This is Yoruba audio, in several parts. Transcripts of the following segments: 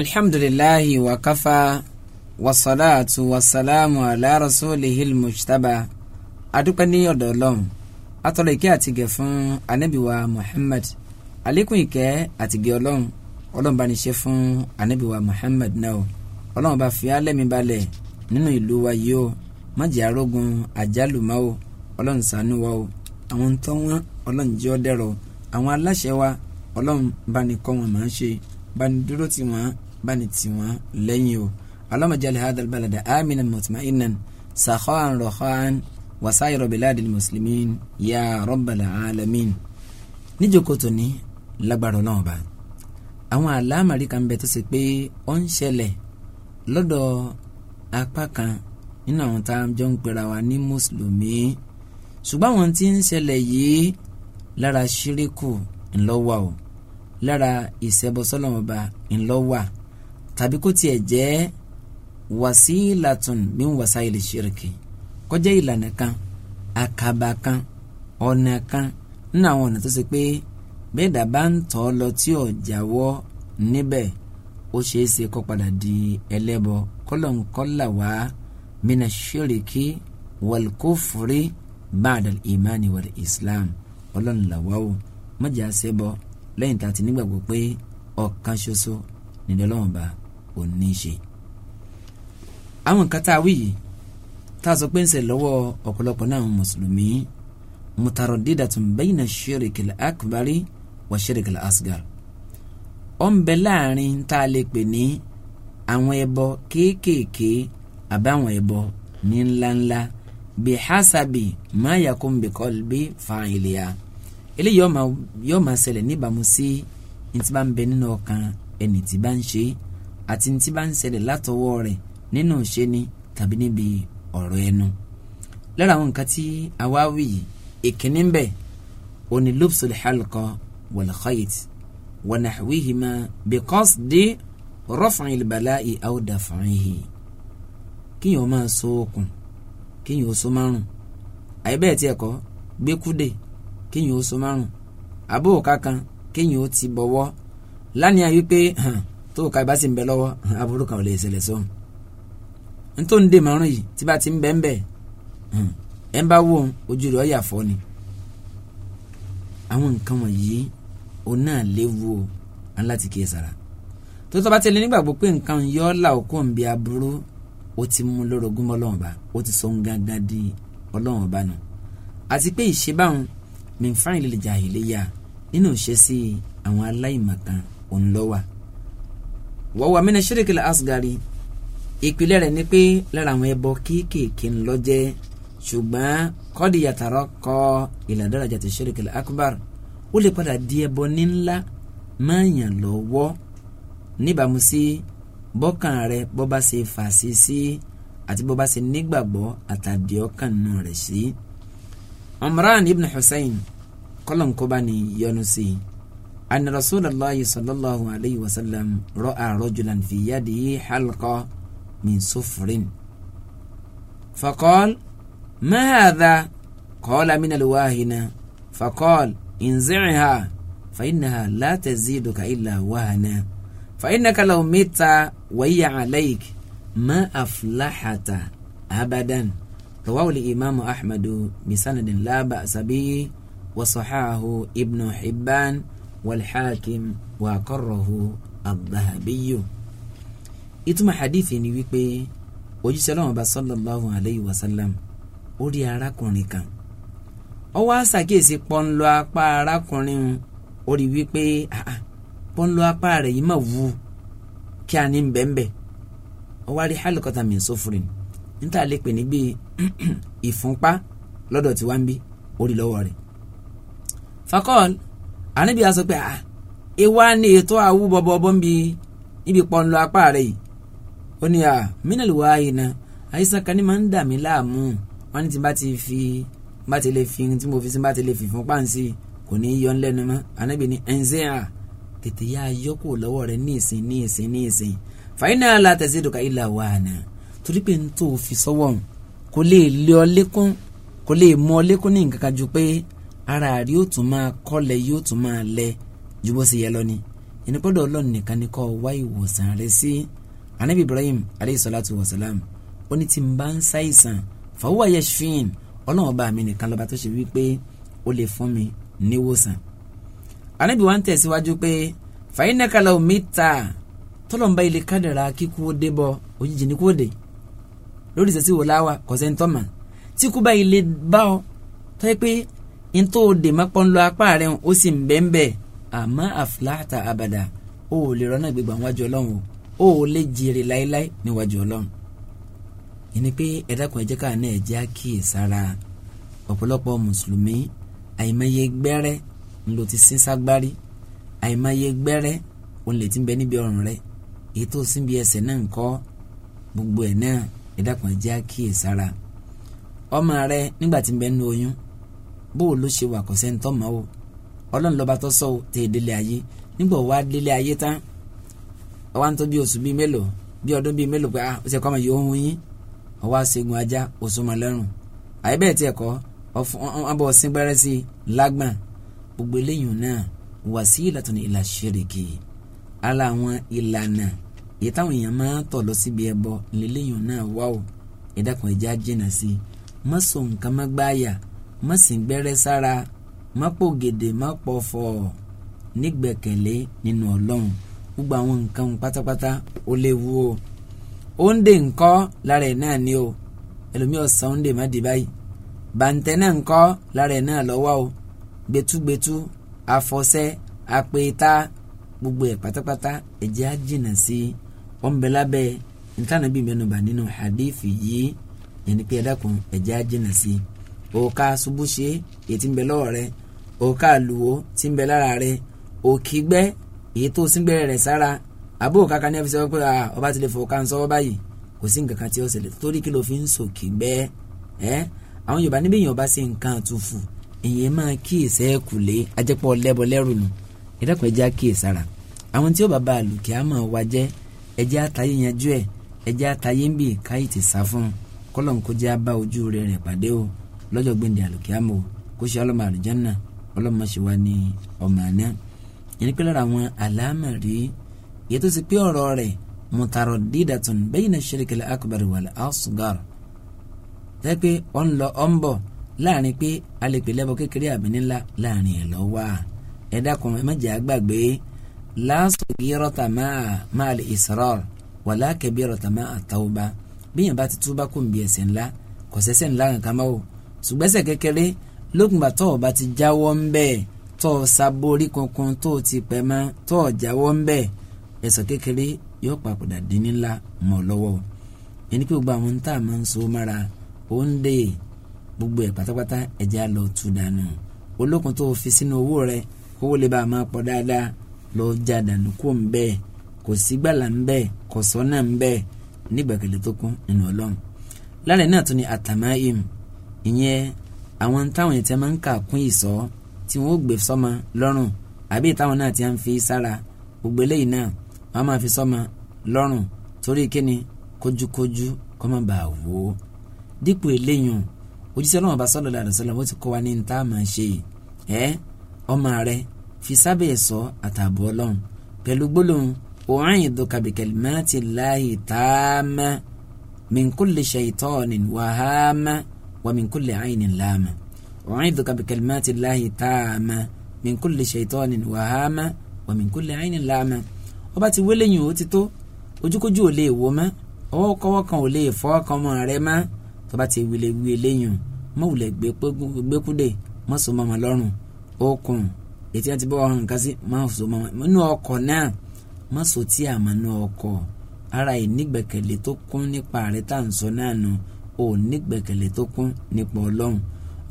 alhamdulilahi wa kafa wasalaatu wasalaamu ala rasulihi mujtaba adúpẹ́ ní ọ̀dọ̀ ọlọ́run atọ́lọ̀ ìkẹ́ àtìgẹ̀ fún anábìwa muhammad àlékún ìkẹ́ àtìgẹ̀ ọlọ́run ọlọ́run bá ní ṣe fún anábìwa muhammad náà ọlọ́run bá fi álẹ́mi balẹ̀ nínú ìlú wa yìí o májèá rógun àjálù máa o ọlọ́run ṣàánú wa o àwọn tó wọn ọlọ́run jẹ́ ọdẹ́rọ̀ àwọn aláṣẹ wa ọlọ́run bá ní kọ́ wọn máa ń ṣe bá dúró tì wọ́n Bani tì wọ́n lẹ́yìn o Allahumma jali hadal balada aminan mutma'innan sakhaan rakhaan wasaayiro bilaadi muslimin ya rabbal alamin. níjókòó tóní lágbára Ọlọ́run ba àwọn àlámàrí kan bẹ tó ṣe pé ó ń ṣẹlẹ̀ lọ́dọ̀ apá kan nínú àwọn tá a jọ ń pera wa ní mùsùlùmí ṣùgbọ́n àwọn tí ń ṣẹlẹ̀ yìí lára ṣíríkù ńlọ́wà o lára ìṣẹ́bọsọ́lọ́mọba ńlọ́wà tàbí kó tiẹ̀ jẹ́ wàsílàtún min wàsáìlì ṣìrìkì kó jẹ́ ìlànà kan àkàbà kan ọ̀nà kan nínú àwọn ọ̀nà tó ṣe pé bẹ́ẹ̀ dà bá ń tọ́ lọ tí ò jáwọ́ níbẹ̀ ó ṣeé ṣe kó padà di ẹlẹ́bọ kọ́lọ̀ǹkọ́là wá mina ṣìrìkì wàlkófòrè báàdàl ìmánì wàlẹ̀ islam ọlọ́run làwá o mọ̀jà ṣẹbọ lẹ́yìn tá a ti nígbàgbọ́ pé ọ̀kan ṣoṣo nílẹ̀ bá a kò ní í ṣe. àwọn nǹkan tá a wí yìí tá a sọ pé ń ṣe lọ́wọ́ ọ̀pọ̀lọpọ̀ náà mùsùlùmí mutaraddidatun bayna shirkil akbari wa shirkil asgar. ó ń bẹ láàrin tá a lè pè ní àwọn ẹbọ kéékèèké àbáwọn ẹbọ ní ńláńlá bí hasabi ma yakun bi qalbi fa'iliya eléyìí yóò máa ṣẹlẹ̀ níbàámu sí ní ti bá ń bẹ nínú ọkàn ẹni tí bá ń ṣe é àti ní tí bá ń ṣẹlẹ̀ látọwọ́ rẹ̀ nínú ìṣe ni tàbí níbi ọ̀rọ̀ ẹnu lára àwọn nǹkan tí àwa wí yìí ìkíní ń bẹ òní lubsul halqa wal khayt wa nahwihima bi qasdi raf'il bala'i aw daf'ihi kíyàn máa so okùn kíyàn ó so márùn àyè bẹ́ẹ̀ tiẹ̀ kọ́ gbẹ́kúdè kíyàn ó so márùn àbó òka kíyàn ó ti bọ̀wọ́ lánìí àyè pé hàn tó ka ibà sì ń bẹ lọ́wọ́ aburú kan ò lè ṣẹlẹ̀ sóhun nítorí dè márùn yìí tí bá ti ń bẹ́ ń bẹ́ ẹ̀ ń bá wò ó ojú rẹ̀ ọ̀yà fọ́ ni àwọn nǹkan wọ̀nyí òun náà léwu o aláti kìí sara tó tọ́ bá tẹ̀lé nígbàgbọ́ pé nǹkan yọ ọ́ là òkú òǹbí aburú ó ti mú lórogún ọlọ́run bá ó ti sọ ń gángan di ọlọ́run bá nù àti pé ìṣebáwọn mìfáìn lè jà ìléyà nínú ìṣesí wọ́wọ́ amínà ṣíríkì la asgari ìpìlẹ̀ rẹ̀ ni pé lára àwọn ẹbọ kéékèèké ńlọ jẹ́ ṣùgbọ́n kọ́ọ̀dì yàtàrọ́ kọ ìlàdára jàtì ṣíríkì la akbar ó lè padà di ẹbọ níńlá máa yàn lọ́wọ́ níbàámu sí bọ́kàn rẹ̀ bọ́ bá ṣe fàṣí sí àti bọ́ bá ṣe nígbàgbọ́ àtàdíọ́kàn nù rẹ̀ sí. Umran ibn Hussein kọ́lọ̀ ń kó bá ní yọnu sí i. أن رسول الله صلى الله عليه وسلم رأى رجلا في يده حلقة من صفر فقال ما هذا قال من الواهنة فقال انزعها فإنها لا تزيدك إلا وهنا فإنك لو مت وهي عليك ما أفلحت أبدا رواه الإمام أحمد بسند لا بأس به وصححه ابن حبان wal-Hakim wa qarrahu ad-Dhahabiyyu. ìtumọ̀ hadith ni wípé òjíṣẹ́ Ọlọ́hun bá sallallahu alayhi wa sallam ó rí arákùnrin kan ó wá ṣàkíyèsí pọ́nlọ apá arákùnrin ó rí wípé pọ́nlọ apá rẹ̀ yìí mà wú kí a ní bẹ́ẹ̀nbẹ́ ó wá rí halqatan min sufrin níta lè pè ní ìfúnpá lọ́dọ̀ tí wá ń bí ó rí lọ́wọ́ rẹ̀ fakọ́ọ̀lù ànábì á sọ pé ah ìwà ni ètò àwù bọ̀bọ̀bọ̀ ń bi níbi pọ́nlọ apá rẹ̀ yìí ó ní à ah, mínàlì wá iná àìsàn kan ní máa ń dà mí láàmú wọn ní tí bá ti fi bá ti lè fi tí mo fi sí bá ti lè fi fún páǹsì kò ní í yọ ńlẹ́nu mọ́ ànábì ní ẹ̀ǹsẹ̀ à tètè yá yọkù lọ́wọ́ rẹ̀ ní ìsìn ní fàyínà látẹ̀sí ìdùkà ìlà wà nà torí pé n tó fi sọ́wọ́ kò lè lé ọ lékún kò lè mú ọ lékún ní nǹkan kan ju pé ara rí ó tún máa kọ́lẹ̀ yóò tún máa lẹ ju bó ṣe yẹ lọ ni ìnípọ́dọ̀ ọlọ́run nìkan ni kọ́ wá ìwòsàn rẹ sí anabi ibrahim aleyhisalatu wasalam ó ní tí n bá ń ṣàìsàn fàwọ́ yashfin ọlọ́run ọba mi nìkan lọ́ba tó ṣe wípé ó lè fún mi níwòsàn anabi wa ń tẹ̀síwájú pé fàyínàkàlà omi ta tọ́lọ̀mbá ilé kádàrá kíkú ó débọ̀ òjijì ní kú ó dé lórí ìṣẹ́sí láwà kọ̀sẹ̀ tí kú bá ilé bá ọ tọ́ ntó de mọ́pọ́nlọ apá rẹ̀ ó sì ń bẹ́ńbẹ́ àmọ́ àfúláàtà àbàdà ó lè rọ́nà gbégbá níwájú ọlọ́run ó lè jèrè láéláé níwájú ọlọ́run ìní pé ẹ̀dákun ẹ̀jẹ̀ káà náà ẹ̀jẹ̀ á kíyè sára ọ̀pọ̀lọpọ̀ mùsùlùmí àìmọye gbẹ́rẹ́ ńlò ti sín ságbárí àìmọye gbẹ́rẹ́ òun lè ti ń bẹ níbi ọrùn rẹ̀ èyí tó síbi ẹsẹ̀ náà ń kọ́ gbogbo ẹ̀ náà ẹ̀dákun ẹ̀jẹ̀ á kíyè sára ọmọ rẹ nígbà tí ń bẹ nínú oyún bó o ló ṣe wà kò sẹ́ni tọ́ mọ́ o ọlọ́run lọ́ba tó sọ o tẹ̀ délé ayé nígbà wá délé ayé tán ọwọ́ à ń tó bí oṣù bíi mélòó bí ọdún bíi mélòó pé ah ó ṣe kọ́ ọmọ yìí ó hun yín ọwọ́ àṣegun ajá oṣù mọ́ lẹ́rùn àyè bẹ́ẹ̀ tiẹ̀ kọ́ ọbọ̀ ọ̀sìn gbẹ́rẹ́ sí lágbọ̀n gbogbo eléyìí náà wasilatun ila shiriki ara àwọn ìlànà èyí táwọn èèyàn máa tọ̀ lọ síbi ẹbọ lélẹ́yìn náà wá o ìdákan ìjà jìnnà sí i má nǹkan má gbáàyà má sì ń gbẹ́rẹ́ sára má pò gèdè má pọ̀ fọ̀ nígbẹ̀kẹ̀lé nínú ọlọ́run gbogbo àwọn nǹkan pátápátá ó léwu o òǹdè ńkọ́ lára ẹ̀ náà ni o ẹlòmíì ọ̀sán òǹdè má di báyìí bàǹtẹ̀ náà ńkọ́ lára ẹ̀ náà lọ́wọ́ o gbẹtúgbẹtú afọsẹ́ apẹta gbogbo ẹ̀ pátápátá ẹ̀jẹ̀ á jìnà sí ọ̀nbẹ̀lábẹ́ nǹkan náà bí mẹ́nuba nínú hadith yìí ẹni pé ẹ dákun ẹ̀jẹ̀ á jìnà sí i òòkà subúṣe èyí e tí ń bẹ lọ́wọ́ rẹ òòkà àlùwò tí ń bẹ lára rẹ òkìgbẹ́ èyí tó síngbẹ́rẹ́ rẹ̀ sára àbó òòkà kan ní ẹ fi sọ pé ọba ti lè fọ òòkà ń sọ báyìí kò sí nǹkan kan tí ó ṣẹlẹ̀ torí kí ló fi ń sòkì gbẹ́ ẹ́ àwọn Yorùbá níbí èèyàn bá ṣe nǹkan àtúfù èèyàn máa kíyèsí ẹ̀ kùlé ajẹ́pọ̀ lẹ́bọ lẹ́rù nù ìdẹ́kun ẹ̀jẹ̀ àkíyèsára àwọn tí ó bàbá àlùkí àmọ́ wa jẹ́ àtàyè yanjú ẹ̀ ẹ̀jẹ̀ àtàyè ń bì káyì ti sá fún kọ́lọ̀ ń kọjá bá ojú rẹ̀ rìn pàdé o lọ́jọ́ gbẹ̀ndẹ̀ àlùkìyàmọ̀ kó ṣe ọlọ́mọ àlùjánà ọlọ́mọ ṣe wá ní ọmọ àná yẹn pé lára àwọn àlámà rí yẹtó ti pé ọ̀rọ̀ rẹ̀ mùtàrọ̀ dídàtún bayna shirkil akbar wal asghar tẹ́ pé ọ̀n lọ ọ̀n bọ̀ láàrin pé alèpè lẹ́bọ̀ kékeré àbí ńlá láàrin ẹ̀ lọ́ wà ẹ dákun ẹ má jẹ́ àgbàgbé lásògìrọ̀tà máa lè ìsọ̀rọ̀ wà lákẹ́bìrọ̀tà máa tàwọ́ bá bíyàn bá ti ṣùgbẹ́sẹ̀ kékeré lókùnbà tó o bá ti jáwọ́ ń bẹ̀ tó o sábórí kankan tó o ti pẹ̀ mọ́ tó o jáwọ́ ń bẹ̀ ẹ̀sọ̀ kékeré yóò papòdà dín nílá mọ́ ọ lọ́wọ́ ẹni pé gbogbo àwọn tá a máa ń so mára ó ń dè gbogbo ẹ̀ pátápátá ẹ̀jẹ̀ á lọ tú dànù olókun tó o fi sínú owó rẹ kówó lè bá a máa pọ̀ dáadáa lọ já dànù kó ń bẹ́ẹ̀ kò sí gbàlà ń bẹ́ẹ̀ kò sọ́nà ń bẹ́ẹ̀ nígbàkẹ̀lẹ̀ tó kún nínú ọlọ́run lálẹ́ náà tún ni àtàmáyìm ìyẹn àwọn táwọn ètò máa ń kà kún ìsọ tí wọn ó gbé sọmọ lọ́rùn àbí táwọn náà ti ń fi sára gbogbo eléyìí náà wọn máa fi sọmọ lọ́rùn torí kíni kójúkójú kó má bàa wò ó dípò eléyìí òjíṣẹ́ náà bá sọ̀rọ̀ dàdà sọ̀rọ̀ wọ́n ti kọ́ wa ní ní tá máa ṣe yìí ẹ́ ọmọ rẹ fi sábẹ́ ẹ̀sọ́ àtààbọ̀ ọlọ́run pẹ̀lú gbólóhùn òhìn dùkàbìkẹ̀lì máa ti láàyè tá a má min kulli shaytanin wa min kulli aynin laama u'idhuka bi kalimati llahi taama min kulli shaytanin wahama wa min kulli aynin laama ọba ti wélé yìí ó ti tó ojúkójú ò lè wò má ọwọ́ kọ́wọ́ kan ò lè fọ́ ọkàn mọ́ rẹ má tọba ti wílé wílé lẹ́yìn mọ́ wùlẹ̀ gbẹ́kúdè mọ́ so mọ́ ọmọ lọ́rùn okùn ètí àti bọ́ ọ̀hún nǹkan sí mọ́ so mọ́ inú ọkọ̀ náà mọ́ so tí a mọ́ inú ọkọ̀ ara ìnígbẹ̀kẹ̀lé tó kún nípa rẹ̀ tá à ń sọ náà nù ò nígbẹ́kẹ̀lé tó kún nípa ọlọ́run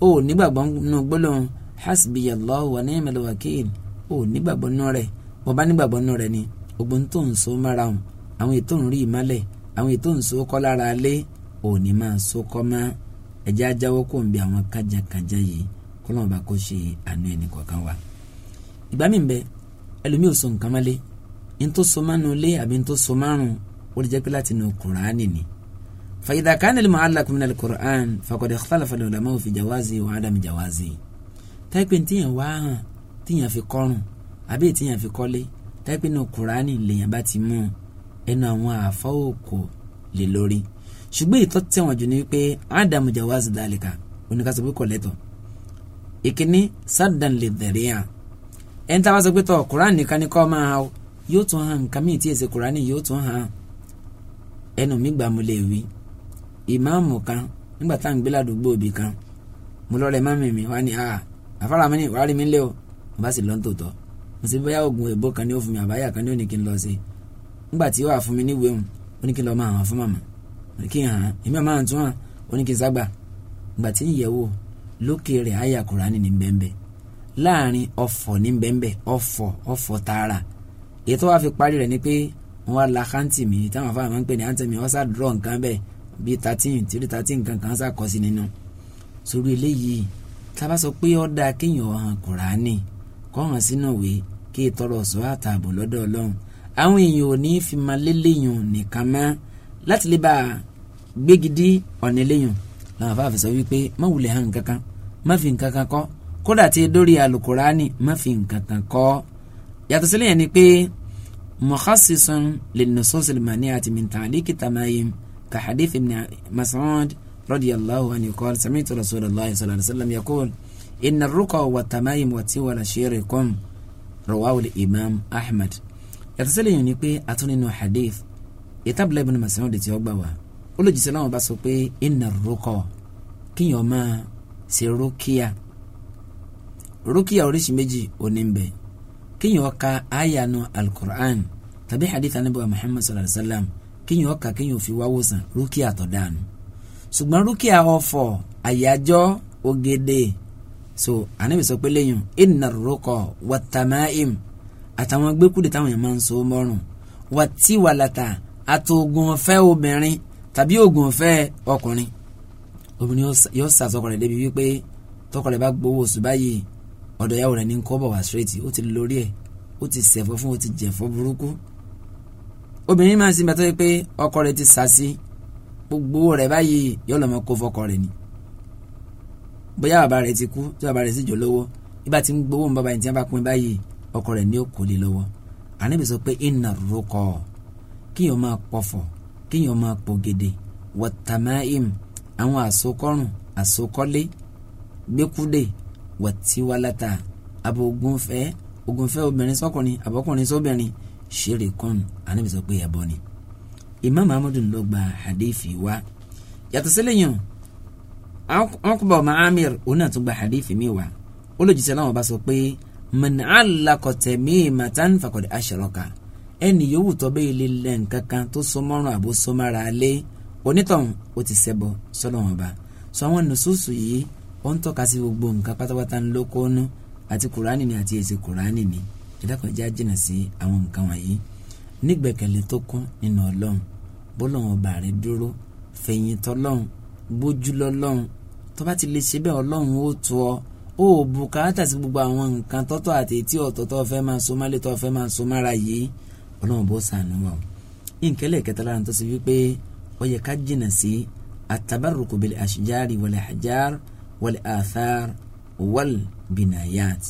ò nígbàgbọ́ nínú gbólóhùn hasbiyallahu wa ni'mal wakil ò nígbàgbọ́ nínú rẹ̀ wọ́n bá nígbàgbọ́ nínú rẹ̀ ni ogun tó ń so mára hùn àwọn ètò ń rí ìmálẹ̀ àwọn ètò ń so kọ́ lára alẹ́ ò ní máa so kọ́ mọ́ ẹ̀jẹ̀ ajáwọ́ kò ń bi àwọn kájàkájà yìí kó lọ́wọ́ bá kó ṣe àánú ẹnì kọ̀ọ̀kan wa. ìgbà mi bẹ ẹlòmíì ò so nǹkan mọ́lé ní tó so márùn lé àbí ní tó so márùn-ún ó lè jẹ́ pé láti inú Kùránì ni. فإذا كان المعلق من القرآن فقد اختلف العلماء في جوازه وعدم جوازه táìpé tíyàn wá hàn في fi kọrùn àbí tíyàn fi kọ́lé القرآن náà يباتي مو bá ti mú ẹnu àwọn àfọ́ òkò lè lórí ṣùgbọ́n ìtọ́ tẹ̀wọ̀n jù ní pé ádámù jawazi dàlíkà oníkàsọ pé kò lẹ́tọ̀ ìkíní sádàn lè dẹ̀rẹ́ hàn ẹni táwa sọ pé tọ kùránì nìkan ni kọ́ máa yóò tún hàn nǹkan míì tí èsì kùránì yóò tún hàn ẹnu mi gbà wí ìmáàmù kan nígbà tá à ń gbé ládùúgbò òbí kan mo lọ rẹ mọ́mì mi wá ní a ah, àfárá mi ní wàá rí mi lé o mo bá sì lọ nítòótọ́ mo sì bóyá oògùn èbó kan ní ó fún mi àbáyà kan ní ó ní kí n lọ sí i nígbà tí wàá fún mi ní ìwé mu ó ní kí n lọ máa hàn fún màmá mo ní kí n hàn án èmi àmà tún hàn ó ní kí n ságbà ìgbà tí ń yẹ̀ wò lókè rẹ̀ àyà Kùránì ní bẹ́ẹ̀nbẹ́ láàrin ọ̀fọ̀ ní bẹ́ẹ̀nbẹ́ ọ̀fọ̀ ọ̀fọ̀ tààrà èyí tó wàá fi parí rẹ̀ ni pé wọ́n á la kántì mi táwọn afáàmà ń pè ní àǹtẹ̀mí ọ̀sà dúró nǹkan bẹ́ẹ̀ bíi thirteen three thirteen kankan ṣàkọsí nínú sórí eléyìí tábà sọ pé ó dáa kéèyàn ọ̀hàn kùránì kọ́hàn sínú ìwé kí ìtọrọ ọ̀ṣọ́ àtààbò lọ́dọ̀ ọlọ́run àwọn èèyàn ò ní fi máa léléyìn nìkan mọ́ láti lè bá a gbégidí ọ̀nà eléyìn làwọn afáàfẹ sọ wípé má wulẹ̀ hàn kankan má fi nǹkan kan kọ́ kódà tí dórí alukurani má fi nǹkan kan kọ́ yàtọ̀ sílẹ̀ yẹn ni pé mọ̀kásísun lè nà sọ́sìlì màní àti mìtàlí kìtàmáyé mu كحديث ابن مسعود رضي الله عنه قال سمعت رسول الله صلى الله عليه وسلم يقول إن الرقى والتمايم والتول شيركم رواه الإمام أحمد yàtọ̀sẹ́lẹ̀ yìí ni pé atún nínú hadith ìtàbílẹ̀ ibn Mas'ud tí ó gbà wá olùjíṣẹ́ náà bá sọ pé inna rúkọ kíyàn máa ṣe rúkìá rúkìá oríṣi méjì òní ń bẹ kíyàn ka àyànú al-Qur'an tàbí hadith anábọ̀ Muhammad sallallahu alayhi wa sallam kéèyàn ọkà kéèyàn fi wáwó sàn rúkìá tó dànù ṣùgbọ́n rúkìá ọ̀fọ̀ àyájọ́ ògèdè so ànábì sọ pé lẹ́yìn ìnà rúkọ wàtàmáìm àtàwọn gbẹ́kúdé táwọn yẹn máa ń so mọ́rùn wàtíwàlàtà àtògùn ọ̀fẹ́ obìnrin tàbí ògùn ọ̀fẹ́ ọkùnrin obìnrin yóò sàtọkọ rẹ̀ débi wípé tọkọ rẹ̀ bá gbowó oṣù báyìí ọ̀dọ̀ ìyàwó rẹ̀ ní kọ́ wá straight ó ti lórí ẹ̀ ó ti ṣẹ̀fọ́ fún ó ti jẹ̀fọ́ burúkú obìnrin máa ń sin bàtọ́ yìí pé ọkọ rẹ̀ ti sàsí gbogbo rẹ̀ báyìí yọ̀ọ́ lọ́mọ kó fọkọ rẹ̀ ni bóyá bàbá rẹ̀ ti kú tí bàbá rẹ̀ sì jò lówó ibà tí ń gbowó ń bàbá yìí tí wọ́n bá pín báyìí ọkọ rẹ̀ ní òkò lé lọ́wọ́ ànábì sọ pé iná rúkọ kíyàn máa pọ̀fọ̀ kíyàn máa pògèdè wọ̀tàmáìm àwọn àsokọ́rùn àsokọ́lé gbẹ́kúdè wọ̀tíwálátà àbò ogunfẹ́ obìnrin sọ́kùnrin àbọ́kùnrin sóbìnrin so ṣirikun anabi sọ pé ẹbọ ni Imam Ahmadu ló gba hadithi wa yàtọ̀ sílẹ̀ yìí wọn kò bá ọmọ amir òun náà gba hadithi mi wa olójúṣe náà wọn bá sọ pé man allaqa tamimatan faqad ashraka ẹnì yòówù tó bẹ́ẹ̀ lè lẹ́ nǹkan kan tó sọmọ́rùn àbó sọmọ́ra lé onítọ̀hún ó ti ṣẹbọ sọ́nà wọn bá sọ àwọn nùsùsù yìí ó tọ́ka sí gbogbo nǹkan pátápátá ńlọ́kọ́nú àti kùránì ni àti èsì kùránì ni ìdákọjá jìnnà sí àwọn nǹkan wọ̀nyí nígbẹ̀kẹ̀lé tó kún nínú ọlọ́run bọ́lọ́run ọba rẹ dúró fẹ̀yìntọ́ lọ́run gbójú lọ́lọ́run tó bá ti lè ṣe bẹ́ẹ̀ ọlọ́run ó tu ọ ó bùkátà sí gbogbo àwọn nǹkan tọ́tọ̀ àti etí ọ̀tọ̀ tó fẹ́ máa so málé tó fẹ́ máa so mára yìí ọlọ́run bó sànù wà ìǹkẹ́lẹ̀ kẹta lára tó ṣe wípé ó yẹ ká jìnnà sí atabaruku bil ashijari wal hajar wal athar wal binayat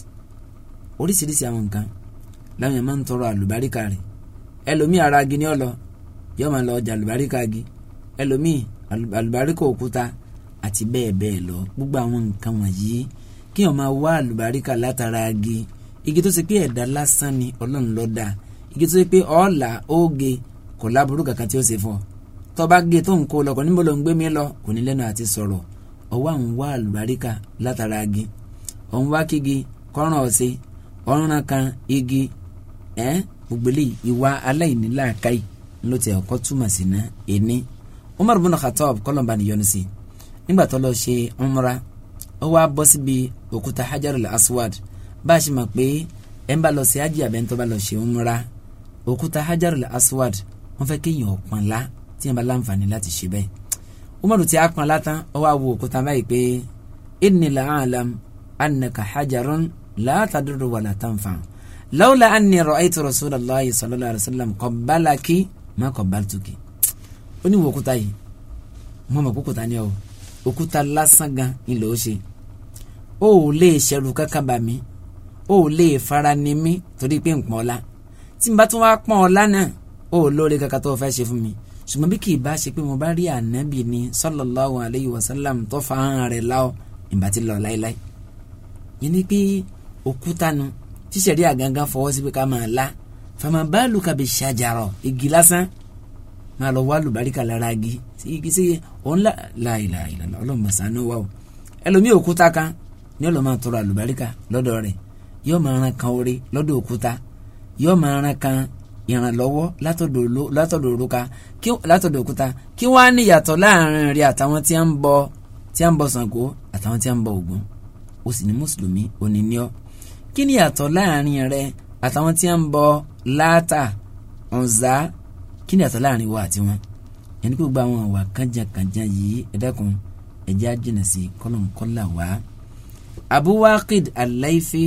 oríṣiríṣi àwọn nǹkan láwọn yẹn máa ń tọrọ àlùbáríkà rẹ̀ ẹlòmíì ara agi ni ọ lọ yóò máa lọ ọjà àlùbáríkà agi ẹlòmíì àlùbáríkà òkúta àti bẹ́ẹ̀ bẹ́ẹ̀ lọ gbogbo àwọn nǹkan wọ̀nyí kí wọ́n máa wá àlùbáríkà látara agi igi tó ṣe pé ẹ̀dá lásán ni ọlọ́run ló dá igi tó ṣe pé ọ̀ọ́là óge kò láburú kàkà tí ó ṣe fọ́ tọ́ba ge tó ń kó lọ kò níbo ló ń gbé mi lọ kò ní lẹ́nu àti sọ̀rọ̀ ọwọ́ àwọn wá àlùbáríkà látara agi òun wá kígi kọ́ràn ọ̀sẹ̀ ọ̀ràn kan igi ẹ́ gbogbo eléyìí ìwà aláìníláàkáì ló ti ọkọ túmọ̀ sí ná ẹni Umar bin Khattab kọlọmba níyọnu sí nígbà tó lọ ṣe umra ó wá bọ́ síbi òkúta hajarul aswad bá a ṣe mọ̀ pé ẹ̀ ń bá lọ sí ájì àbẹ́ tó bá lọ ṣe umra òkúta hajarul aswad wọ́n fẹ́ kéèyàn ọ̀pọ̀n lá tí yẹn bá láǹfààní láti ṣe bẹ́ẹ̀ Umar ti àpọ̀n látàn ó wá wo òkúta báyìí pé inni la a'lam annaka hajarun la tadurru wa la tanfa' lawla anni ra'aytu rasulallahi sallallahu alayhi wa sallam qabbalaki ma qabbaltuki ó ní wo òkúta yìí mo mọ̀ kókòtà ni ọ òkúta lásán gan ilẹ̀ ó ṣe ó ò lè ṣẹlú kankan bá mi ó ò lè fara ni mí torí pé ń pọ́n ọ̀la tí n bá tún wá pọ́n ọ̀la náà kankan tó o fẹ́ ṣe mi ṣùgbọ́n bí kì í bá ṣe pé mo bá rí ànábì ni sallallahu alayhi wa sallam tó fa hàn rẹ̀ láọ ìgbà tí lọ láéláé yìí ni pé òkúta nu tíṣẹ̀rí àgangan fọwọ́ síbi ká máa la fama báàlù kàbí ṣàjàrọ̀ igi lásán máa lọ wá lùbáríkà lára igi sí igi sí òun la láìla ìlànà ọlọ́mọ̀sánú wà o ẹlòmíì òkúta kan ní ọlọ́mọ àtọrọ àlùbáríkà lọ́dọ̀ rẹ̀ yóò máa ran kan orí lọ́dọ̀ òkúta yóò máa ran kan ìrànlọ́wọ́ látọ̀dọ̀ òrùka látọ̀dọ̀ òkúta kí wọ́n á níyàtọ̀ láàrin rẹ̀ àtàwọn tí a ń bọ tí àtàwọn tí a ń bọ Ògún ó sì ní mùsùlùmí òní ní ọ́ kí ni àtọ̀ láàrin rẹ àtàwọn tí ń bọ láàtà ọ̀nzá kí ni àtọ̀ láàrin wa àti wọn yẹn ní kí gbogbo àwọn àwà kànjàkànjà yìí ẹ ẹ̀jẹ̀ àjìnà sí kọ́lọ̀nkọ́là wá. Abu Waqid Al-Laythi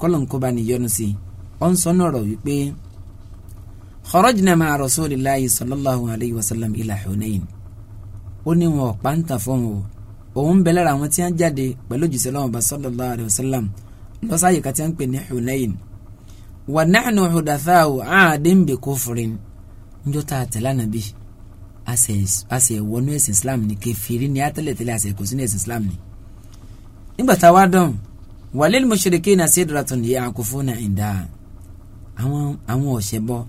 kọ́lọ̀nkọ́ba níyọnu sí ọ̀n sọ nọ̀rọ̀ wípé kharajna ma'a rasulillahi sallallahu alayhi wa sallam ila Hunain ó ní wọn ọ̀pá ń tà fún wọn òun bẹ àwọn tí wọ́n jáde pẹ̀lú òjíṣẹ́ lọ́wọ́ sallallahu alayhi wa sallam lọ́sàáyè kan tí wọ́n ń pè nahnu hudathau aadin bi kufrin níjọ́ tá a Islam ni ni àtẹ̀lẹ̀tẹ̀lẹ̀ àṣẹ Islam ni. nígbà tá a walil mushrikina sidratun na inda àwọn àwọn ọ̀ṣẹ́ bọ́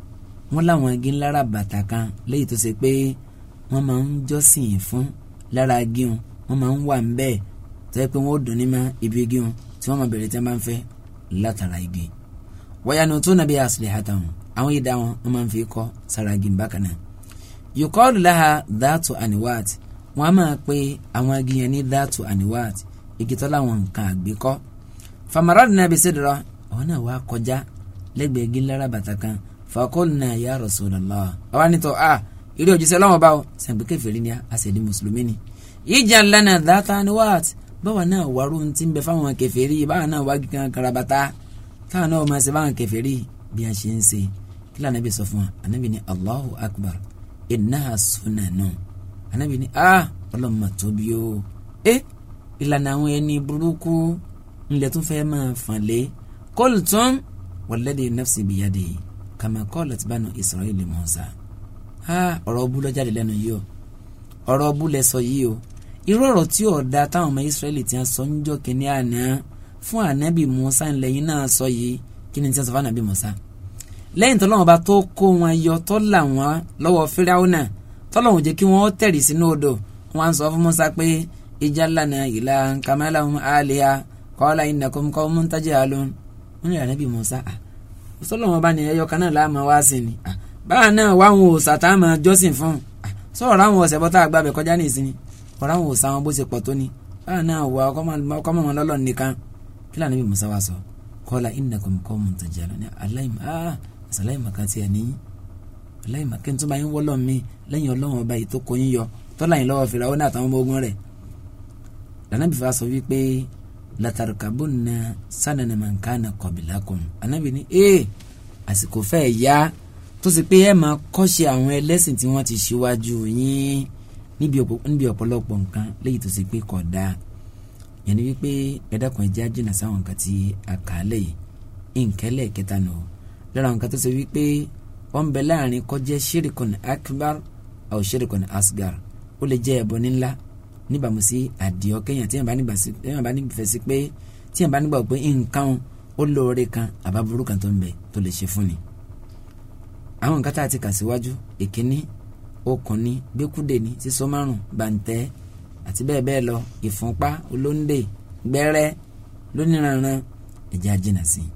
wọ́n láwọn igi ńlára bàtà kan léyìí tó ṣe pé wọ́n máa ń jọ́sìn fún lára wọn máa ń wà ń bẹ́ẹ̀ tó yẹ pé dùn ní ma ibi igi wọn tí wọ́n máa bèrè tí wọ́n bá ń fẹ́ látara igi wọ́yà ni tó nàbí aslihata wọn àwọn yìí dá wọn wọ́n máa ń fi kọ́ sára igi bákan náà yòkọ́ọ̀lù láha dátù àníwáàtì wọ́n á máa pe àwọn igi yẹn ní dátù àníwáàtì igi tó láwọn nǹkan àgbékọ́ famarad nàbí sídìrọ̀ àwọn náà wá kọjá lẹ́gbẹ̀ẹ́ gílára bàtà kan fàkólnà ya Rasulullah àwa nítọ́ a ìrí báwa náà wàrú ti ń bẹ fáwọn kèfèrí báwa náà wá gígan karabata káwa náà máa ṣe báwọn kèfèrí bí a ṣe ń ṣe kí lànà bí sọ fún wa anabi ni allahu akbar innaha sunanu anabi ni ah ọlọ́mọ tóbi o ẹ ìlànà àwọn ẹni burúkú ńlẹ̀ tún fẹ́ máa fàn lé kóòtùn wàlẹ́dẹ̀ nafsi bìyàdé kàmá kọ́ọ̀lù banu israeli musa ah ọ̀rọ̀ ọbú lọ́jáde lẹ́nu yìí o ọ̀rọ̀ ọbú lẹ́sọ yìí o irú ọ̀rọ̀ tí ọ̀dà táwọn ọmọ Ísírẹ́lì ti ń sọ ń jọ kínní àná fún ànábì Musa ńlẹ́yìn náà sọ yìí kí ni ti ń sọ fún ànábì Musa lẹ́yìn tọ́lọ́wọ́n bá tó kó wọn yọ tó là wọ́n lọ́wọ́ Fíráúnà tọ́lọ́wọ́n jẹ́ kí wọ́n tẹ̀rì sínú odò wọ́n á sọ fún Musa pé ìjà lànà ìlà kàmáàlà ń àlẹ́yà kọ́lá iná kọ́mukọ́ mú tájà ló ń rìn ànábì Musa tọ́lọ́wọ́n bá ní ẹyọ kan láàmú wá sí ni báwa náà wá àwọn òòsà tá máa jọ́sìn fún sọ̀rọ̀ àwọn ọ̀sẹ̀ bọ́tà àgbàbẹ̀ kọjá ní ìsinmi ọ̀rá wò sáwọn bó ṣe pọ̀ tó ni báà náà wà ọkọ mọ̀mọ́ lọ́lọ́ nìkan kí lànà bí musa wa sọ kọ́lá innakum qawmun tajhalun aláìmọ̀ ah àsàláìmọ̀ kan tiẹ̀ níyìn aláìmọ̀ kí n tún bá yín wọ́lọ́ mi lẹ́yìn ọlọ́run ọba yìí tó kó yín yọ tọ́lá yín lọ́wọ́ fìlà ó ní àtàwọn ọmọ ogun rẹ̀ lànàbì fa sọ wípé latarkabunna sanana man kana qablakum ní ee àsìkò fẹ́ẹ̀ yá tó sì pé ẹ máa kọ́ṣe àwọn ẹlẹ́sìn tí wọ́n ti ṣíwájú yín níbi ọ̀pọ̀lọpọ̀ nǹkan léyìí tó ṣe pé kò dáa yẹn ni wípé ẹ̀dàkùn ẹ̀já jìnnà sáwọn nǹkan tí a kà á lẹ̀ yìí nkẹ́lẹ̀ kẹta nù lára nǹkan tó ṣe wípé wọ́n bẹ láàrin kọjá shirikun akbar àwọn shirikun asgar ó lè jẹ́ ẹ̀bọ nílá níbàámu sí àdìọ́ kẹ́yìn tí yẹn bá nífẹ̀ẹ́ sí pé tí yẹn bá nígbà pé nǹkan ó lóore kan àbá burú tó ń bẹ tó lè ṣe fún ni. àwọn nǹkan tá a ti kà síwájú ìkíní okùn ni gbẹ́kúdè ni sísọ márùn bàǹtẹ́ àti bẹ́ẹ̀ bẹ́ẹ̀ lọ ìfúnpá olóńdè gbẹ́rẹ́ lóníranran ẹ̀já jìnnà sí i.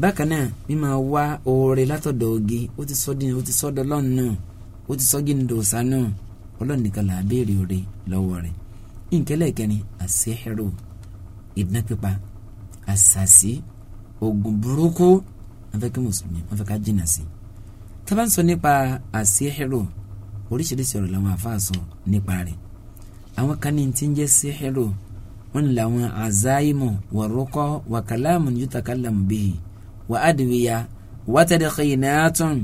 bákan náà mímọ wá oore látọ̀dọ̀ ogi ó ti sọ́ dín ó ti sọ́dọ̀ lọ́nù náà ó ti sọ́ gíndò sánú ọlọ́run nìkan là á béèrè oore lọ́wọ́ rẹ̀. ìǹkẹ́lẹ̀ kẹrin àṣehẹ́rò ìdán pípa àṣàṣì oògùn burúkú afẹ́kẹ́ mùsùlùmí afẹ́ká jìnnà sí i tá bá ń sọ nípa àsíhìrò oríṣiríṣi ọ̀rọ̀ làwọn àfa sọ nípa rẹ̀ àwọn kan ní ti ń jẹ́ síhìrò wọn ni làwọn àzáìmù wọ̀rọ̀kọ́ wàkàlámù yutakallamu bihi wà adìwìyà wàtàdìkìyìnàtún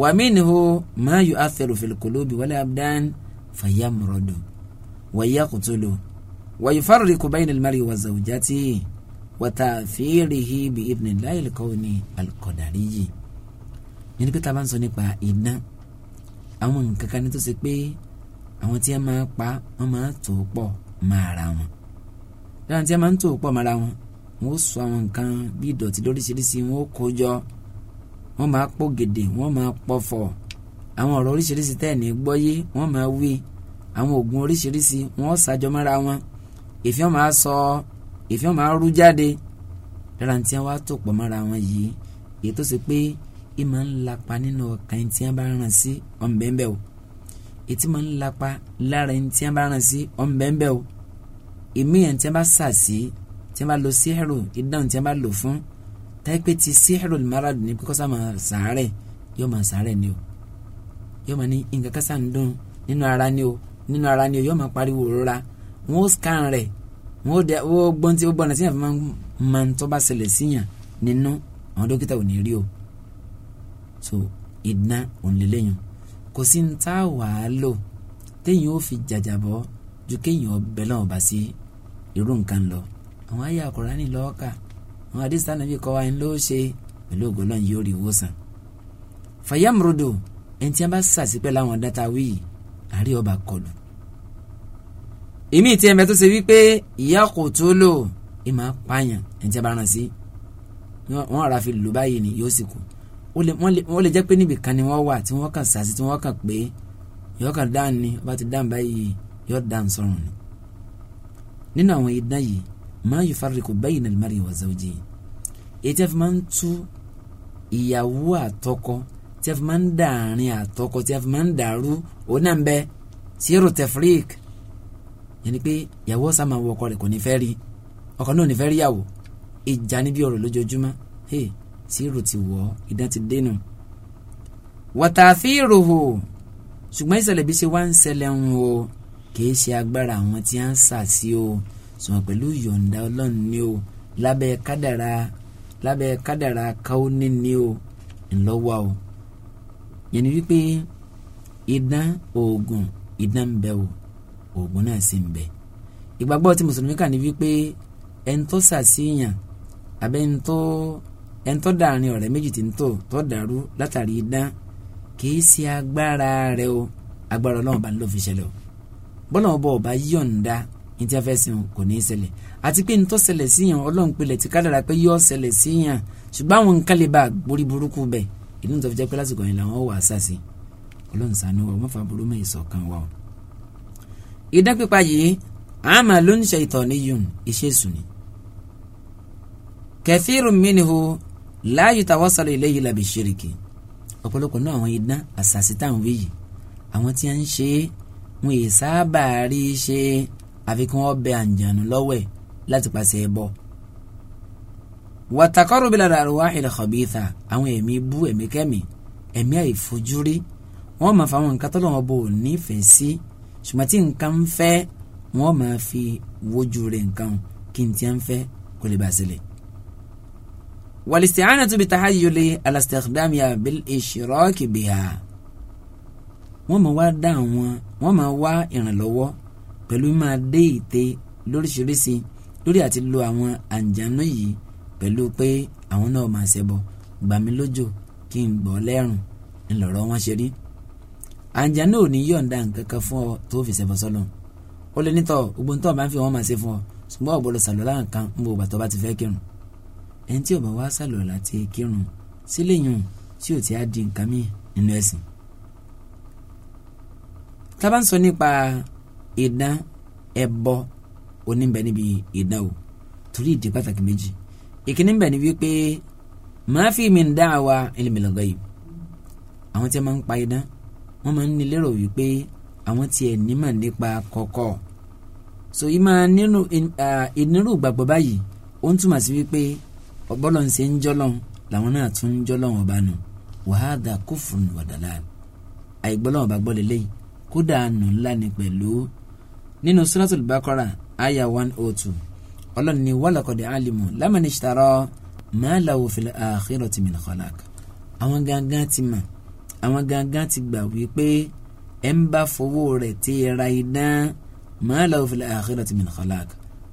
wà minhu ma yu'athiru fil qulubi wal abdan fayamrudu wa yaqtulu wa yufarriqu bayna al-mar'i wa zawjatihi wa ta'thirihi bi ibnillahi al-kawni al-qadariyi. Al yẹn ni pé tá a bá ń sọ nípa iná àwọn nǹkan kan ní tó ṣe pé àwọn tí a máa pa wọ́n máa tò pọ̀ máa ra wọn dára tí a máa ń tò pọ̀ máa ra wọn wọ́n ó sọ àwọn nǹkan bí ìdọ̀tí lóríṣiríṣi wọ́n ó kó jọ wọ́n máa pọ̀ gèdè wọ́n máa pọ̀fọ̀ àwọn ọ̀rọ̀ oríṣiríṣi tẹ́ẹ̀ní gbọ́yé wọ́n máa wí àwọn oògùn oríṣiríṣi wọ́n ó ṣàjọ mọ́ra wọn èfihàn máa sọ èfihàn máa rú jáde dára tí a wá tò pọ̀ mára wọn yìí èyí tó ṣe pé ìmọ̀ ń lapa nínú ọkàn ẹni tí wọ́n bá ràn sí ọ̀nbẹ́ńbẹ́ o ètí mọ̀ ń lapa lára ẹni tí wọ́n bá ràn sí ọ̀nbẹ́ńbẹ́ o èmi yẹn tí wọ́n bá sà sí tí wọ́n bá lo síhẹ̀rù ìdáhùn tí wọ́n bá lò fún táìpẹ́ ti síhẹ̀rù márààdù ní pé kọ́sà sàárẹ̀ yóò máa sàárẹ̀ ni o yóò máa ní nǹkan kásá ń dùn nínú ara ni o nínú ara ni o yóò máa pariwo òrora wọn ó scan rẹ̀ wọn ó dẹ wọn ó gbọ́n tí ó gbọ́n náà tí yàn máa ń tọ́ bá ṣẹlẹ̀ síyàn nínú àwọn dókítà ò ní rí o so iná òǹlẹ́lẹ́yìn kò sí ní tá a wà á lò téèyàn ó fi jàjàbọ́ ju kéèyàn ọbẹ̀ náà bá sí irú nǹkan lọ àwọn ayé àkùránì lọ́ọ̀kà àwọn àdìsá nàbí kọ́ wa ń ló ṣe pẹ̀lú ògbọ́lọ́ yóò rí ìwòsàn. fàyàmùrúdò ẹni tí a bá sàṣìpẹ́ láwọn dáta wíì àrí ọba kọlù. èmi ìtì ẹ̀mẹ́ tó ṣe wípé ìyá kò tó lò ìmọ̀ apààyàn ẹni tí a bá ràn sí wọ́n àrà fi lù báyìí ni yóò sì kù wọ́n lè jẹ́ pé níbi kan ni wọ́n wà tí wọ́n kàn sàṣì tí wọ́n kàn pé yọ kàn dáhùn ni ọba ti dáhùn báyìí yọ dáhùn sọ̀rọ̀ ni. nínú àwọn idán yìí máa yọ fáríkù báyìí nà lùmárì wà záwùjì èyí tí a fi máa ń tú ìyàwó àtọkọ tí a fi máa ń dàárín àtọkọ tí a fi máa ń dàrú òun náà ń bẹ sírò tẹfrík yẹni pé ìyàwó ọ̀sán máa wọ kò ní fẹ́ rí ọkọ náà ò ní fẹ́ rí yàwó tìrù ti wọ̀ idán ti dénú. wàtàfíìrù hù ṣùgbọ́n ìṣẹ̀lẹ̀ bí ṣe wá ń ṣẹlẹ̀ ń wo kìí ṣe agbára àwọn tí a ń sà sí o ṣùgbọ́n pẹ̀lú yọ̀ǹda ọlọ́run ni o lábẹ́ kádàrá lábẹ́ kádàrá káwó níní o ńlọ́wọ́ o yẹn ni wípé idán oògùn idán ń bẹ o oògùn náà sì ń bẹ ìgbàgbọ́ tí mùsùlùmí kà ní wípé ẹni tó sà sí yàn àbẹ́ni tó ẹni tó dàrin ọ̀rẹ́ méjì tí ń tò tó dàrú látàrí idán kìí ṣe agbára rẹ o agbára ọlọ́run bá ń lò fi ṣẹlẹ̀ o bọ́lá ọba ọba yọ̀ǹda ní tí a fẹ́ sìn kò ní í ṣẹlẹ̀ àti pé ní tó ṣẹlẹ̀ síyàn ọlọ́run pilẹ̀ ti kádàrà pé yọ̀ ṣẹlẹ̀ síyàn ṣùgbọ́n àwọn nǹkan lè bá borí burúkú bẹ̀ ìlú nítorí fi jẹ́ pé lásìkò yẹn làwọn wà sàṣì ọlọ́run ṣàánú wa wọ́n fa burú mọ́ ìṣọ̀kan wa o. idán pípa yìí àmà ló ń ṣe ìtọ̀ níyùn iṣẹ́ ìsùn ni kẹfíìrù mí ni ho láàyè tàwọn sọlọ ilé yìí làbí ṣèrìkì ọ̀pọ̀lọpọ̀ náà àwọn idán àṣàṣì táwọn wí yìí àwọn tí wọ́n ń ṣe é wọn èè sábà rí i ṣe àfi kí wọ́n bẹ àǹjànù lọ́wọ́ ẹ̀ láti pàṣẹ ẹ bọ́ wàtàkọ́rù bí lára àrùwá ilẹ̀ kọ̀bíìtà àwọn ẹ̀mí bú ẹ̀mí kẹ́mi ẹ̀mí àìfojúrí wọ́n máa fa àwọn nǹkan tó lọ́wọ́ bò nífẹ̀ẹ́ sí ṣùgbọ́n tí nǹkan fẹ́ wọ́n máa fi wojú rẹ̀ nǹkan kí n ti ń fẹ́ kó lè wal-isti'anatu bit-tahayyuli ala istikhdamiha bil-ishraki biha wọ́n máa wá dá àwọn wọ́n máa wá ìrànlọ́wọ́ pẹ̀lú máa dé ìte lóríṣiríṣi lórí àti lo àwọn àǹjánú yìí pẹ̀lú pé àwọn náà máa ṣẹbọ gbà mí lójò kí n gbọ́ lẹ́rùn ńlọrọ̀ wọn ṣe rí àǹjánú ò ní yọ̀ǹda nǹkan kan fún ọ tó fi ṣẹbọ sọ́nà ó lè nítọ̀ gbogbo máa ń fi wọn máa ṣe fún ọ ṣùgbọ́n ọ̀gbọ́dọ̀ sàlọ́lá nǹkan ń bò bàtọ́ bá ti fẹ́ kírun ẹni tí ó bá wá sàlùwàlá ti kírun sílẹ̀ yùn tí ò ti á di nǹkan mí nínú ẹ̀sìn. tábà ń sọ nípa ìdán ẹbọ oníbẹ̀ níbi ìdán o torí ìdí pàtàkì méjì ìkíní bẹ̀ ni wípé màá fi mi dá wa ilmil ghaib àwọn tí a máa ń pa idán wọ́n máa ń ní lérò wípé àwọn tiẹ̀ nímọ̀ nípa kọ̀kọ̀ so ìmọ̀ ìnírú ìgbàgbọ́ báyìí ó ń túmọ̀ sí wípé ọbọlọ ń ṣe ń jọlọ làwọn náà tún ń jọlọ wọn bá nù wàhádà kófùrù wàdàlà àìgbọ́lọ́ wọn bá gbọ́ lélẹ́yìn kódà nù ńlá ni pẹ̀lú nínú suratul Baqara aya one o oh two ọlọ́run ni wàlàkọ̀dẹ̀ alimu lámàní ṣitarọ́ màálàwò fìlẹ̀ akhirati min khalaq àwọn gangan ti mà àwọn gangan ti gbà wípé ẹ̀ ń bá fowó rẹ̀ ti ra idán màálàwò fìlẹ̀ akhirati min khalaq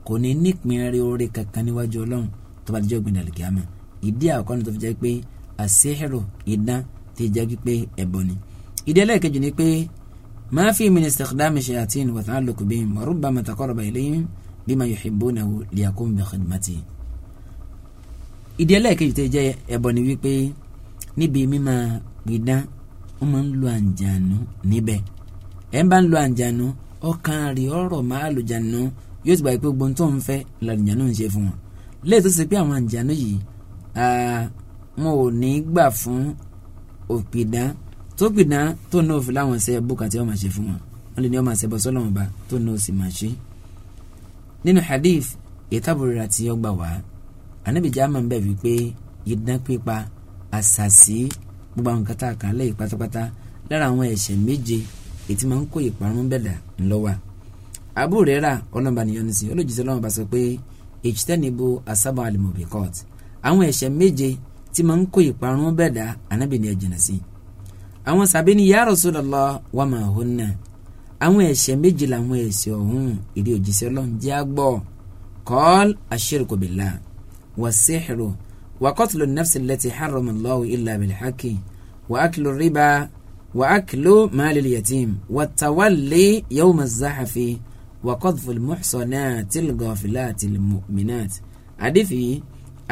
kò ní nípìnrin orí kankan níwájú ọlọ́run tó bá dijọ́ gbin dàlùkì àmà ìdí àkọ́kọ́ ni tó fi jẹ́ pé àṣehẹ́rò idán ti jẹ́ pípé ẹ̀bọ ni ìdí ẹlẹ́ẹ̀kejì ni pé ma fi min istikhdami shayatin wa ta'alluqi bihim wa rubbama taqarraba ilayhim bima yuhibbunahu liyaqum bi khidmati ìdí ẹlẹ́ẹ̀kejì tó jẹ́ ẹ̀bọ ni wípé níbi mímá idán wọ́n máa ń lo àǹjànú níbẹ̀ ẹ̀ ń bá ń lo àǹjànú ọkàn rí ọ̀rọ̀ máa lò jànú yóò ti gbà pé gbogbo tó ń fẹ́ làǹjànú ń ṣe fún wọn lẹ́yìn tó ṣe pé àwọn àǹjànú yìí wọn ò ní gbà fún òpìdán tó pìdán tó ní òfin láwọn ṣe bókà tí wọ́n máa ṣe fún wọn wọ́n lè ní wọ́n máa ṣe bọ́ sọ́lọ́ wọn bá tó ní òsì máa ṣe. nínú hadith ìtàbùrẹ̀rẹ̀ àti ọgbà wá anábìjà máa ń bẹ̀ wípé ìdán pípa àṣàṣì gbogbo àwọn kata àkàlẹ̀ yìí pátápátá lára àwọn ẹ̀ṣẹ̀ méje ètí máa ń kó ìparun bẹ̀dà ńlọ́wà. àbúrẹ́rà ọlọ́mọba nìyọ́nù olójúṣe ọlọ́mọba sọ pé ìjítẹ́nibú asábà alimobikot àwọn ẹ̀ṣẹ̀ méje tí máa ń kó ìparun bẹ̀dá anábì ní ẹ̀jìnà sí. àwọn sàbí ni ya Rasulullah wa ma hunna àwọn ẹ̀ṣẹ̀ méje làwọn ẹ̀ṣẹ̀ ọ̀hún ìrí òjíṣẹ́ Ọlọ́run jẹ́ àgbọ̀ kọ́l ashirku wà sihru wà qatlu nafsi allati harrama Allahu wà aklu riba wà aklu malil yatim wà tawalli yawma zahafi wakọ́tùfù muhsanati al-ghafilati al-mu'minati àdìfì yìí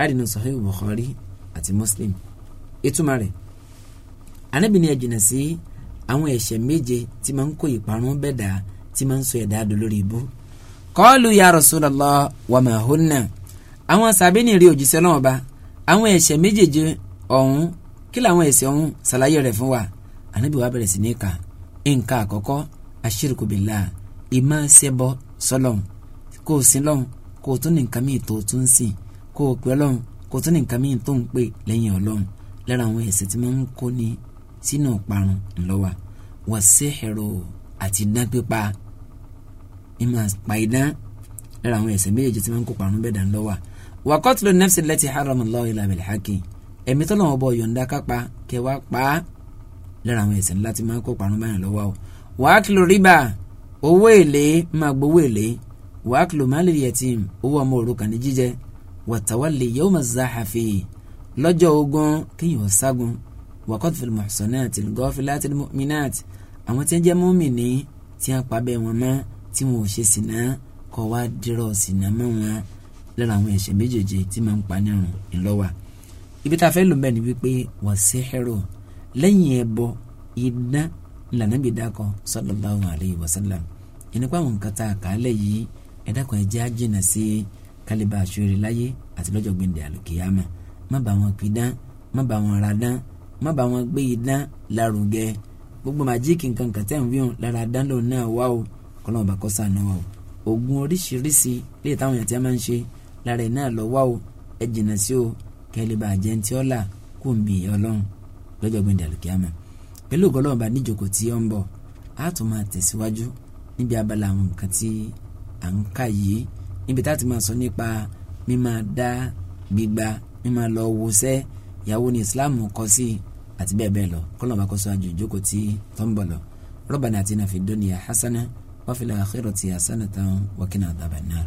àdìní sahih bukhari àti muslim ìtumọ̀ rẹ̀ anábì ni ẹ jìnnà sí àwọn ẹ̀ṣẹ̀ méje tí máa ń kó ìparun bẹ́ẹ̀dá tí máa ń sọ ẹ̀dá dò lórí ibú qalu ya rasulallah wa ma hunna àwọn sàbẹ́ni rí òjíṣẹ́ náà bá àwọn ẹ̀ṣẹ̀ méjèèje ọ̀hún kí làwọn ẹ̀ṣẹ̀ ọ̀hún ṣàlàyé rẹ̀ fún wa anábì wa bẹ̀rẹ̀ sí ní kà nǹka àkọ́kọ́ ashirku billah ìmá ṣẹbọ sọlọ́n kó o sin lọ́n kó o tún ní nǹkan míì tó o tún sìn kó o pẹ́ lọ́n kó o tún ní nǹkan míì tó ń pè lẹ́yìn ọlọ́run lára àwọn ẹ̀ṣẹ̀ tí máa ń kó ni sínú ọ̀parun ńlọ́wà wọ́n sí ẹ̀rọ àti iná pípa ìmọ̀ pa iná lára àwọn ẹ̀ṣẹ̀ méjèèjì tí máa ń kó parun bẹ́ẹ̀ dà wà kọ́tùlù nẹ́fṣì haram lọ́wọ́ ilà abẹ́lẹ̀ hákì ẹ̀mí tó lọ́wọ́ bọ̀ yọ̀ǹda kápá kẹwàá pa lára àwọn ẹ̀ṣẹ̀ ńlá tí máa ń kó parun owó èlé máa gbowó èlé wàákìlò máàlì yatim owó ọmọ òrukàn ní jíjẹ wàtàwálì yawma zahafi lọ́jọ́ ogun kéèyàn ságun wàkọ́tìfìlì muhsanatil ghafilatil mu'minat àwọn tí wọ́n jẹ́ mọ́mìnì tí wọ́n pàbẹ́ wọn mọ́ tí wọn ò ṣe sìnà kọ́ wá dírọ̀ sìnà mọ́ wọn lára àwọn ẹ̀ṣẹ̀ méjèèjì tí máa ń pa nírun ìlọ́wà ibi tá a fẹ́ lò bẹ́ẹ̀ wípé wọ́n sí hẹ́rọ̀ lẹ́yìn ẹbọ idán ńlá nàbì dákọ sallallahu alayhi wa sallam ìnípa àwọn nǹkan tá a kà á lẹ̀ yìí ẹ̀dákọ̀ ẹ jẹ́ àjìnà sí kálíbà àṣírí láyé àti lọ́jọ́ gbẹ̀ndẹ̀ àlùkìyàmà má bá wọn pidán má bá wọn ra dán má bá wọn gbé idán lárugẹ gbogbo màjíìkì nǹkan kàtẹ́ ń wíwọn lára dán lòun náà wá o kọ́nà ọba kọ́sà náà wá o oògùn oríṣiríṣi lè táwọn èèyàn ti máa ń ṣe lára ẹ̀ náà lọ wá o ẹ sí o kẹ́lẹ́ bá jẹ́ ń bì í ọlọ́run lọ́jọ́ gbẹ̀ndẹ̀ àlùkìyàmà pẹ̀lú ògbọ́lọ́wọ́ bá níjòkó tí ó ń bọ̀ á tún máa tẹ̀síwájú níbi abala àwọn nǹkan tí à ń kà yìí níbi tá a ti máa sọ nípa mímá dá gbígba mímá lọ wọṣẹ́ ìyàwó ní Islam kọ sí àti bẹ́ẹ̀ bẹ́ẹ̀ lọ kọ́lọ́ bá kọ́ sọ àjò ìjókòó tí tó ń bọ̀ lọ Rabbana atina fid dunya hasana wa fil akhirati hasanatan wa qina adhaban nar